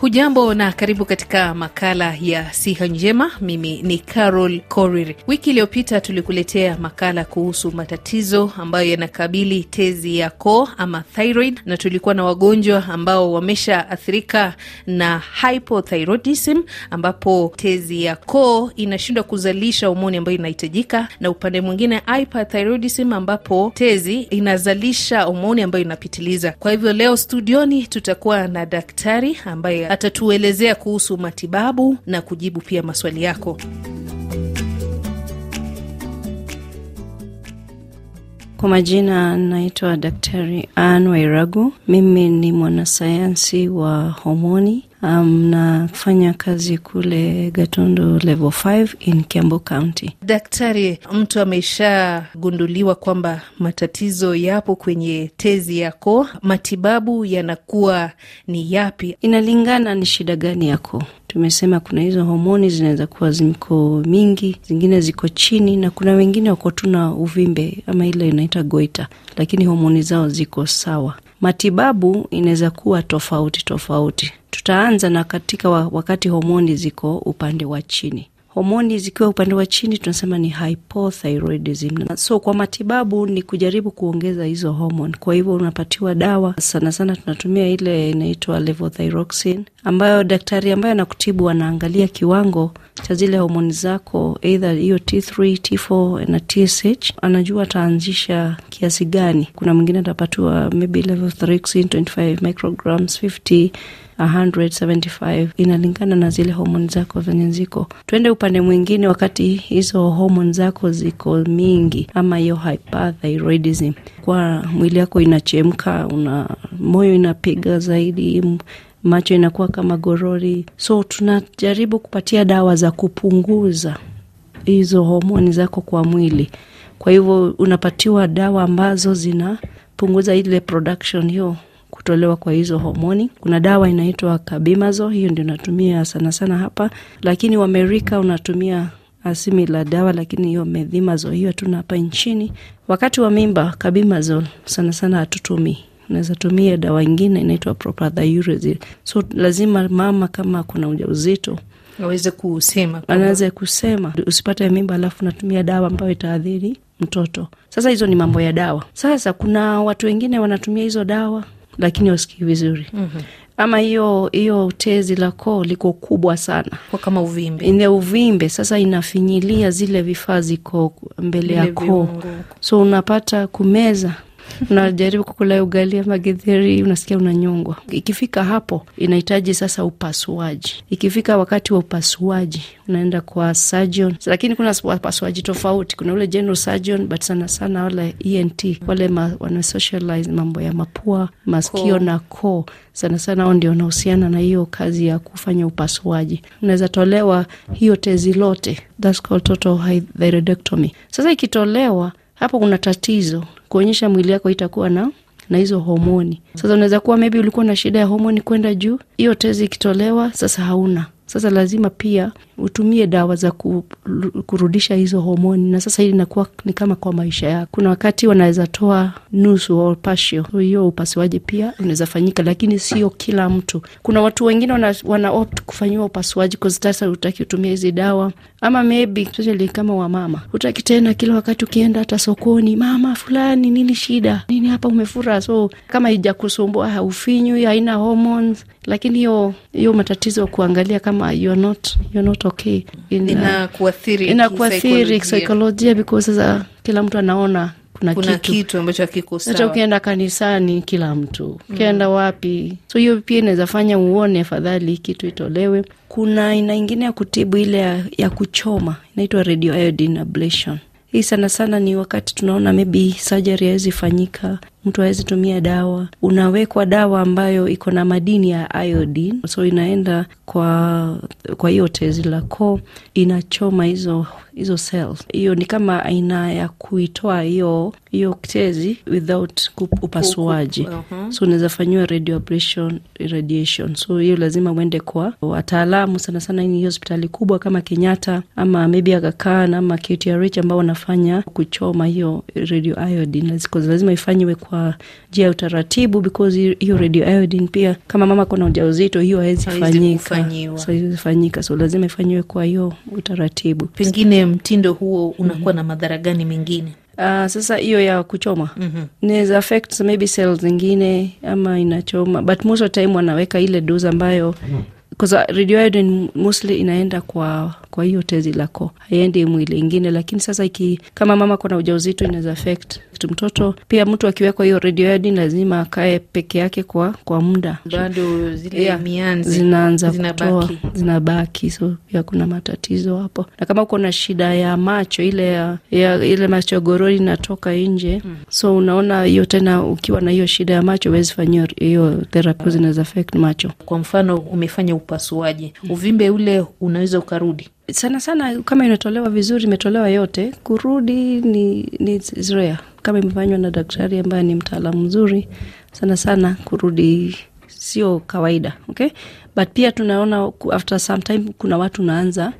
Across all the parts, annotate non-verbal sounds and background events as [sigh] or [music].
Hujambo na karibu katika makala ya siha njema. Mimi ni Carol Korir. Wiki iliyopita tulikuletea makala kuhusu matatizo ambayo yanakabili tezi ya koo ama thyroid, na tulikuwa na wagonjwa ambao wameshaathirika na hypothyroidism, ambapo tezi ya koo inashindwa kuzalisha homoni ambayo inahitajika, na upande mwingine hyperthyroidism, ambapo tezi inazalisha homoni ambayo inapitiliza. Kwa hivyo leo studioni tutakuwa na daktari ambaye Atatuelezea kuhusu matibabu na kujibu pia maswali yako. Kwa majina naitwa Daktari an Wairagu. Mimi ni mwanasayansi wa homoni Um, kazi kule Gatundu level 5 in Kiambu County. Daktari, mtu ameshagunduliwa kwamba matatizo yapo kwenye tezi yako, matibabu yanakuwa ni yapi? Inalingana ni shida gani yako. Tumesema kuna hizo homoni zinaweza kuwa ziko mingi, zingine ziko chini, na kuna wengine wako tu na uvimbe ama ile inaita goita, lakini homoni zao ziko sawa. Matibabu inaweza kuwa tofauti tofauti. Tutaanza na katika wakati homoni ziko upande wa chini. Homoni zikiwa upande wa chini tunasema ni hypothyroidism. So kwa matibabu ni kujaribu kuongeza hizo homoni. Kwa hivyo unapatiwa dawa, sana sana tunatumia ile inaitwa levothyroxine ambayo daktari ambayo anakutibu anaangalia kiwango cha zile homoni zako, eidha hiyo T3, T4 na TSH, anajua ataanzisha kiasi gani. Kuna mwingine atapatiwa maybe level 3 25 micrograms 50 175 inalingana na zile homoni zako zenye ziko. Twende upande mwingine, wakati hizo homoni zako ziko mingi, ama hiyo hyperthyroidism, kwa mwili yako inachemka, una moyo inapiga zaidi, macho inakuwa kama gorori. So tunajaribu kupatia dawa za kupunguza hizo homoni zako kwa mwili. Kwa hivyo unapatiwa dawa ambazo zinapunguza ile production hiyo kutolewa kwa hizo homoni. Kuna dawa inaitwa Kabimazo, hiyo ndio natumia sana sana hapa, lakini Wamerika unatumia asimila dawa, lakini hiyo medhimazo hiyo hatuna hapa nchini. Wakati wa mimba kabimazo sana sana hatutumii unaweza tumia dawa ingine inaitwa So lazima mama kama kuna ujauzito aweze kusema, anaweze kusema usipate mimba alafu natumia dawa ambayo itaathiri mtoto. Sasa hizo ni mambo ya dawa. Sasa kuna watu wengine wanatumia hizo dawa lakini wasikii vizuri mm -hmm. Ama hiyo hiyo tezi la koo liko kubwa sana kwa kama uvimbe, ina uvimbe sasa, inafinyilia zile vifaa ziko mbele ya koo, so unapata kumeza unajaribu kukula ugali ama githeri, unasikia unanyongwa. Ikifika hapo, inahitaji sasa upasuaji. Ikifika wakati wa upasuaji, unaenda kwa surgeon, lakini kuna wapasuaji tofauti. Kuna ule general surgeon, but sana sana wale ENT wale ma, wana socialize mambo ya mapua, masikio na koo sana sana hao ndio wanahusiana na hiyo kazi ya kufanya upasuaji. Unaweza tolewa hiyo tezi lote, that's called total thyroidectomy. Sasa ikitolewa hapo kuna tatizo kuonyesha mwili yako itakuwa na na hizo homoni. Sasa unaweza kuwa maybe ulikuwa na shida ya homoni kwenda juu, hiyo tezi ikitolewa sasa hauna sasa lazima pia utumie dawa za ku, kurudisha hizo homoni, na sasa hili inakuwa ni kama kwa maisha yako. Kuna wakati wanaweza toa nusu au pasio, hiyo upasuaji pia unaweza fanyika, lakini sio kila mtu. Kuna watu wengine wana, wana opt kufanyiwa upasuaji kwa sasa, utaki utumia hizi dawa ama maybe especially kama wamama, hutaki tena kila wakati ukienda hata sokoni, mama fulani, nini shida nini hapa umefura? So kama ijakusumbua haufinywi, haina hormones, lakini hiyo hiyo matatizo kuangalia kama are not, you're not okay, uh, inakuathiri inakuathiri psychology because sasa kila mtu anaona kuna, kuna kitu, kitu ambacho hakiko sawa. Hata ukienda kanisani kila mtu mm. ukienda mm. wapi, so hiyo pia inaweza fanya uone afadhali kitu itolewe. Kuna aina ingine ya kutibu ile ya, ya kuchoma inaitwa radio iodine ablation. Hii sana sana ni wakati tunaona maybe surgery haiwezi fanyika mtu awezi tumia dawa. Unawekwa dawa ambayo iko na madini ya iodine, so inaenda kwa kwa hiyo tezi la koo, inachoma hizo hizo cells. Hiyo ni kama aina ya kuitoa hiyo hiyo tezi without upasuaji. uh -huh. So unaweza fanyiwa radio ablation, radiation. So hiyo lazima uende kwa wataalamu, sana sana ni hospitali kubwa kama Kenyatta ama maybe Aga Khan ama KTRH ambao wanafanya kuchoma hiyo radio iodine, lazima ifanyiwe kwa kwa njia ya utaratibu because hiyo radio iodine pia kama mama kona ujauzito hiyo hawezi fanyika haiwezi fanyika so lazima ifanyiwe kwa hiyo utaratibu pengine mtindo huo unakuwa mm-hmm. na madhara gani mengine Uh, sasa hiyo ya kuchoma mm-hmm. inaweza affect maybe cells zingine ama inachoma but most of time wanaweka ile dose ambayo mm-hmm radioiodine mostly inaenda kwa kwa hiyo tezi lako haiendi mwili ingine lakini sasa iki, kama mama kona ujauzito inaweza affect affect mtoto. Pia mtu akiwekwa hiyo radioiodine lazima akae peke yake kwa kwa muda, bado zile yeah, mianzi zinaanza kutoa zinabaki, so pia kuna matatizo hapo. Na kama uko na shida ya macho ile ya, ya ile macho gorori inatoka nje hmm. so unaona hiyo tena, ukiwa na hiyo shida ya macho huwezi fanyia hiyo therapy, zinaweza affect macho. Kwa mfano umefanya upasuaji, uvimbe ule unaweza ukarudi sana sana kama inatolewa vizuri, imetolewa yote, kurudi ni, ni zrea kama imefanywa na daktari ambaye ni mtaalamu mzuri sana sana, kurudi sio kawaida okay? But pia tunaona after some time kuna watu naanza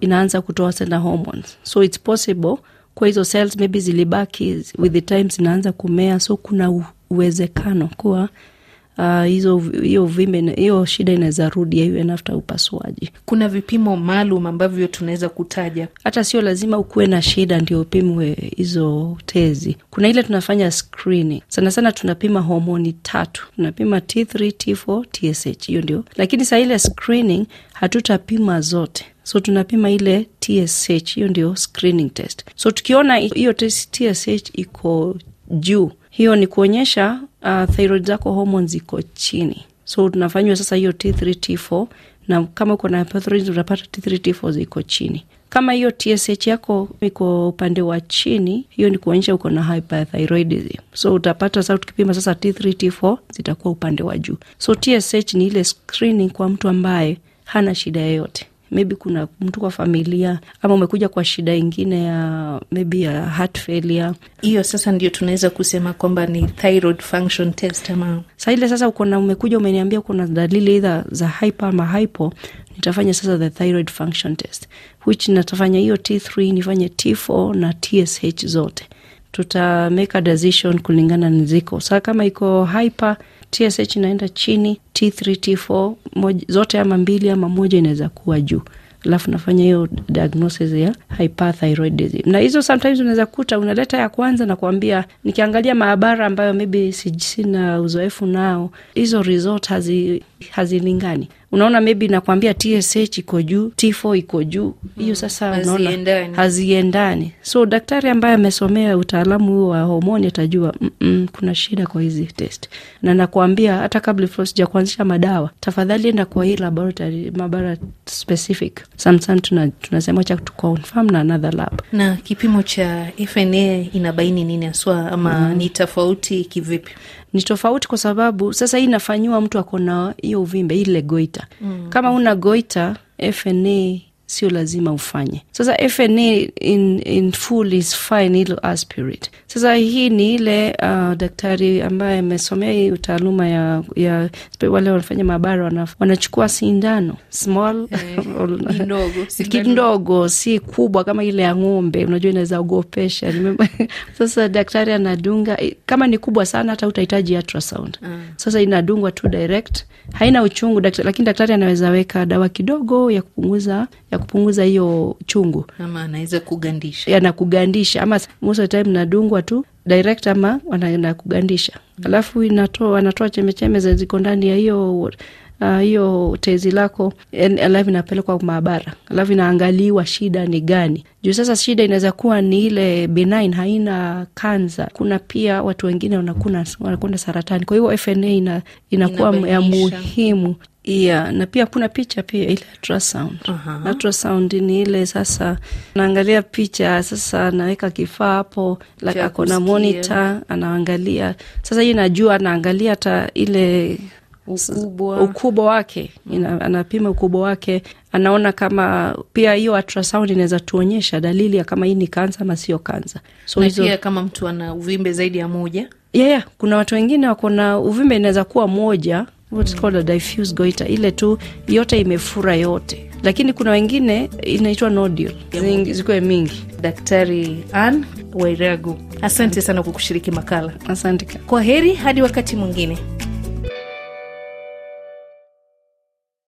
inaanza kutoa sena hormones, so it's possible kwa hizo cells maybe zilibaki with the time zinaanza kumea, so kuna uwezekano kuwa Ah, hizo uh, hiyo vimbe hiyo shida inaweza rudi even after upasuaji. Kuna vipimo maalum ambavyo tunaweza kutaja, hata sio lazima ukuwe na shida ndio upimwe hizo tezi. Kuna ile tunafanya screening sana sana, tunapima homoni tatu, tunapima T3, T4, TSH, hiyo ndio. Lakini saa ile screening hatutapima zote so tunapima ile TSH, hiyo ndio screening test. So tukiona hiyo TSH iko juu hiyo ni kuonyesha uh, thyroid zako hormones ziko chini, so tunafanywa sasa hiyo T3 T4, na kama uko na hypothyroid utapata T3 T4 ziko chini. Kama hiyo TSH yako iko upande wa chini, hiyo ni kuonyesha uko na hyperthyroidism. So utapata sasa, tukipima sasa T3 T4 zitakuwa upande wa juu. So TSH ni ile screening kwa mtu ambaye hana shida yoyote maybe kuna mtu kwa familia ama umekuja kwa shida ingine ya maybe ya heart failure. Hiyo sasa ndio tunaweza kusema kwamba ni thyroid function test ama ile sasa ukona umekuja umeniambia kuna dalili idha za hyper ama hypo, nitafanya sasa the thyroid function test which natafanya hiyo T3 nifanye T4 na TSH zote, tuta make a decision kulingana niziko ziko saa kama iko hyper TSH inaenda chini, T3, T4 moj, zote ama mbili ama moja inaweza kuwa juu alafu nafanya hiyo diagnosis ya hyperthyroidism. Na hizo sometimes unaweza kuta unaleta ya kwanza na kuambia, nikiangalia maabara ambayo maybe sina uzoefu nao, hizo result hazilingani unaona maybe nakwambia tsh iko juu t4 iko juu mhm. hiyo sasa unaona haziendani so daktari ambaye amesomea utaalamu huo wa homoni atajua mm-mm, kuna shida kwa hizi test na nakwambia hata kabla sija kuanzisha madawa tafadhali enda kwa hii laboratory mabara specific samsam tuna, tunasema cha tuconfirm na another lab na kipimo cha fna inabaini nini haswa ama mm. ni tofauti kivipi ni tofauti kwa sababu sasa hii inafanyiwa mtu akona hiyo uvimbe ile goita mm. kama una goita fna sio lazima ufanye sasa fna in, in full is fine ilo aspirate sasa hii ni ile uh, daktari ambaye amesomea hii utaaluma ya, ya wale wanafanya maabara wanachukua sindano small eh, [laughs] kidogo, si kubwa kama ile ya ng'ombe, unajua inaweza ogopesha. [laughs] Sasa daktari anadunga, kama ni kubwa sana hata utahitaji ultrasound. Mm. Sasa inadungwa tu direct, haina uchungu daktari, lakini daktari anaweza weka dawa kidogo ya kupunguza ya kupunguza hiyo chungu, ama anaweza kugandisha, anakugandisha ama most of the time nadungwa tu direct ama wanakugandisha mm. Alafu inatoa wanatoa chembechembe ziko ndani ya hiyo uh, hiyo uh, tezi lako, alafu inapelekwa maabara, alafu inaangaliwa shida ni gani. Juu sasa shida inaweza kuwa ni ile benign, haina kansa. Kuna pia watu wengine wanakuna wanakwenda saratani, kwa hiyo FNA ina, inakuwa ya muhimu Yeah, na pia kuna picha pia ile ultrasound. Uh-huh. Ultrasound ni ile sasa naangalia picha sasa, naweka kifaa hapo like ako na monitor, anaangalia sasa, hii najua anaangalia hata ile ukubwa, ukubwa wake ina, anapima ukubwa wake, anaona kama pia hiyo ultrasound inaweza tuonyesha dalili ya kama hii ni kansa ama sio kansa. So hizo... pia kama mtu ana uvimbe zaidi ya moja yeah, yeah, kuna watu wengine wako na uvimbe inaweza kuwa moja what's called a diffuse goiter, ile tu yote imefura yote, lakini kuna wengine inaitwa nodule, zikuwe mingi. Daktari an Wairagu, asante sana kwa kushiriki makala. Asante, kwa heri, hadi wakati mwingine.